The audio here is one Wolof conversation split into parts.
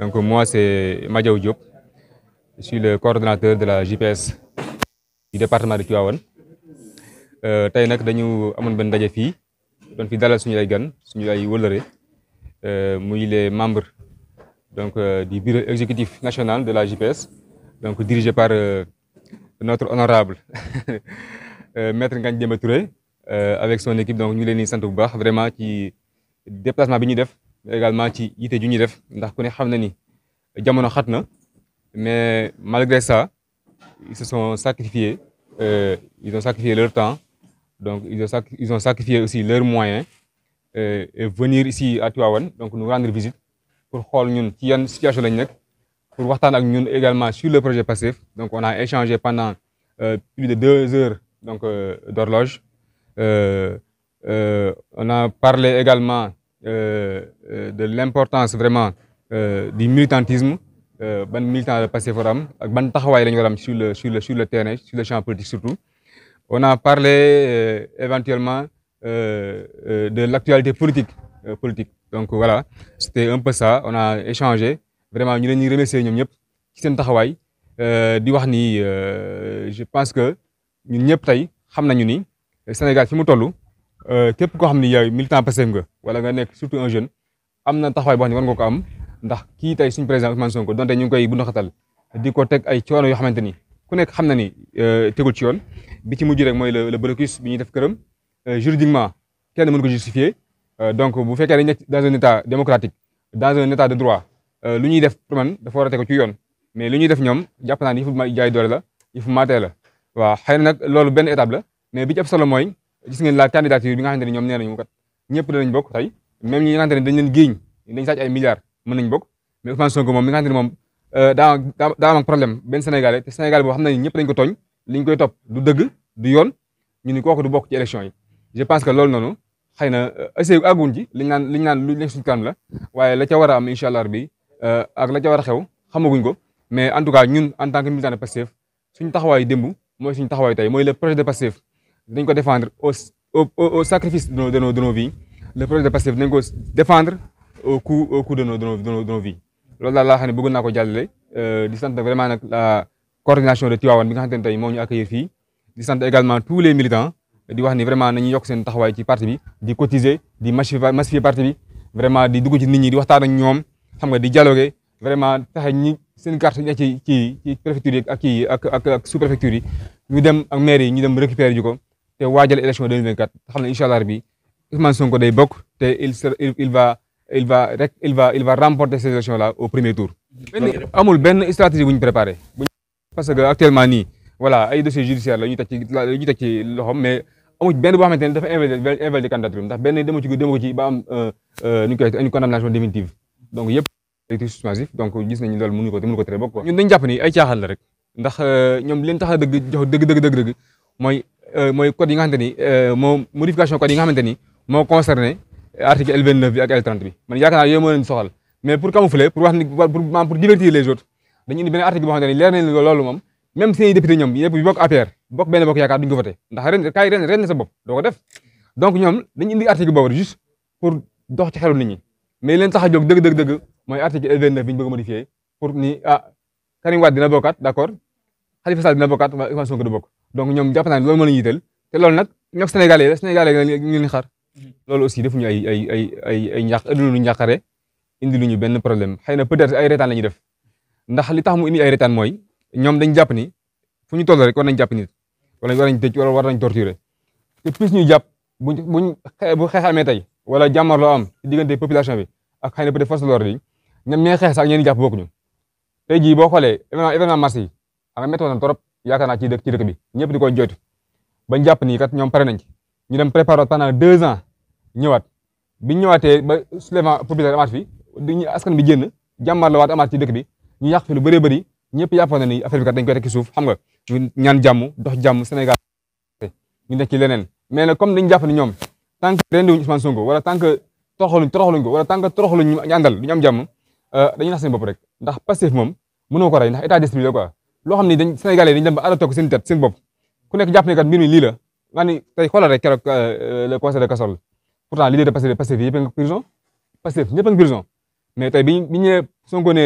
Donc moi, c'est Madiaou Diop. Je suis le coordonnateur de la GPS du département de Kiawan. Euh, tey nag dañu amoon benn ndaje fii doon fi dalal suñu ay gan suñu ay wëlëre euh, muy les membres donc euh, du bureau exécutif national de la JPS donc dirigé par notre honorable maître Ngagne Demba Touré avec son équipe donc ñu leen di sant bu baax vraiment ci déplacement bi ñuy def également ci yite ju ñuy def ndax ku xam na ni jamono xat na mais malgré ça ils se sont sacrifiés ils ont sacrifié leur temps Donc, ils ont, ils sacrifié aussi leurs moyen euh, et venir ici à Tuawan, donc nous rendre visite pour xool voir nous, qui une situation pour waxtaan ak ñun également sur le projet passif. Donc, on a échangé pendant euh, plus de deux heures donc euh, d'horloge. Euh, euh, on a parlé également euh, de l'importance vraiment du militantisme. ban militant la passé forum ak ban taxawaay la ñu a am sur le sur le sur le sur le champ politique surtout On a parlé euh, éventuellement euh, euh, de l'actualité politique, politique. Donc voilà, c'était un peu ça. On a échangé. Vraiment, ñu leen ñuy remercier ñoom ñëpp ci seen taxawaay di wax ni je pense que ñun ñëpp tey xam nañu ni Sénégal fi mu toll képp koo xam ni yow militant Pastef nga wala nga nekk surtout un jeune am na taxawaay boo xam ne war ko am ndax kii tey suñu président Ousmane Sonko donte ñu ngi koy bundaxatal di ko teg ay coono yoo xamante ni ku nekk xam na ni euh, tegul ci yoon bi ci mujj rek mooy le le blocus bi ñuy def këram euh, juridiquement kenn mënu ko justifier euh, donc bu fekkee dañ nekk dans un état démocratique dans un état de droit lu ñuy def pour dafa war a tegu ci yoon mais lu ñuy def ñoom jàpp naa ne jaay doole la yëfu maatee la waaw xëy benn étape la mais bi ci ëpp solo mooy gis ngeen la candidature bi nga xamante ne ñoom nee nañu kat ñëpp danañ bokk tey même ñi nga xamante ne dañ leen géeñ dañ sàcc mën nañ bokk mais Ousmane moom daa euh, daa am problème benn Sénégalais te Sénégal boo xam na ñëpp dañ ko tooñ liñ koy topp du dëgg du yoon ñu ni kooku du bokk ci élection yi je pense que loolu noonu xëy na euh, essayé àgguñ liñ naan liñ naan lu nekk la waaye la ca war a am incha allah bi euh, ak la ca war a xew xamaguñ ko mais en tout cas ñun en tant que militant de Pastef suñu taxawaayu démb mooy suñu taxawaayu tey mooy le projet de Pastef dañ ko défendre au au sacrifice de nos de nos de nos projet de Pastef dañ ko défendre au coût au coût de nos de loolu daal laa xam ne bëgg naa ko jàllale euh, di sant vraiment nag la coordination de Tivaouane bi nga xamante ne tey moo ñu accueillir di sant également tous les militants di wax ni vraiment nañu yokk seen taxawaay ci parti bi di cotiser di massifier parti bi vraiment di dugg ci nit ñi di waxtaan ak ñoom xam nga di dialoguer vraiment taxe ñi seen carte ña ci ci ci préfecture yi ak ci ak ak ak sous préfecture yi ñu dem ak maire yi ñu dem récupérer ji ko te waajal élection 2024 xam ne incha allah rabbi Ousmane Sonko day bokk te il va rek il remporter ces élections là au premier tour. benn amul benn stratégie bu ñu préparé. parce que actuellement nii voilà ay dossiers judiciaires la ñu teg ci la ñu teg ci loxoom mais amu ci benn boo xamante ne dafa donc yëpp électif donc gis nañu loolu mënuñu ko ko tere bokk quoi. ñun dañu jàpp ni ay caaxaan la rek ndax euh, ñoom leen tax a dëgg jox dëgg dëgg dëgg mooy euh, mooy code yi nga xamante ni euh, moo modification code yi nga xamante ni moo concerné. article L29 bi ak L30 bi man mais pour camoufler pour wax ni pour maanaam les autres dañu indi benn article boo xamante ne leer nañ loolu moom même seen i député ñoom yëpp bokk APR bokk benn bokk yaakaar duñ ko voté ndax ren kaay ren ren na def donc ñoom dañu indi article boobu juste pour dox ci xelu mais leen tax a dëgg dëgg mooy article L29 bi bëgg a modifié pour ni ah Karim Wade dina bokkaat d' accord Khalifa dina loolu aussi defuñu ay ay ay ay ay ñaax na peut-être ay reetaan la ñuy def ndax li tax mu indi ay reetaan mooy ñoom dañ jàpp fu ñu toll rek war nañ jàpp nit te plus ñu jàpp buñ buñ bu xeex amee tey wala jàmmarloo am diggante population bi ak xëy na peut-être force de l'ordre yi ñoom ñooy xeex sax ñeen jàpp bokkuñu tey jii boo xoolee événement événement marché yi xam nga méttoon na trop yaakaar naa kat ñoom pare nañ ci ñu dem préparer deux ans ñëwaat bi ñëwaatee ba soulèvement populaire amaat fi di askan bi génn jàmmaar la waat amaat ci dëkk bi ñu yàq fi lu bëree bëri ñëpp yàppoon na ni affaire bi kat dañ koy tekki suuf xam nga ñaan jàmm dox jàmm Sénégal ñu nekk ci leneen mais nag comme dañu jàpp ni ñoom tant que rendiwuñu Ousmane Sonko wala tant que toroxaluñ toroxaluñ ko wala ñu àndal duñu am jàmm euh, dañuy nax seen bopp rek ndax Pastef moom mënoo ko rey ndax état d'esprit la loo xam ni dañ Sénégalais dañ dem ba adopté ko seen tête seen bopp ku nekk jàpp ne kat mbir mi lii la maa ni rek keroog euh, le conseil de casserole pourtant leader de Pastef Pastef yëpp a ngi prison Pastef ñëpp a ngi prison mais tey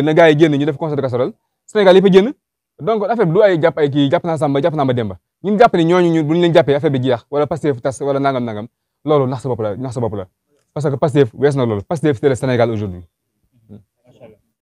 na gars yi génn ñu def concert de casserole a génn du ay jàpp Samba jàpp ma Demba ñun jàpp ne ñooñu ñu bu ñu leen jàppee wala Pastef tas wala nangam nangam loolu nax sa bopp la nax sa wees na loolu Pastef c'est le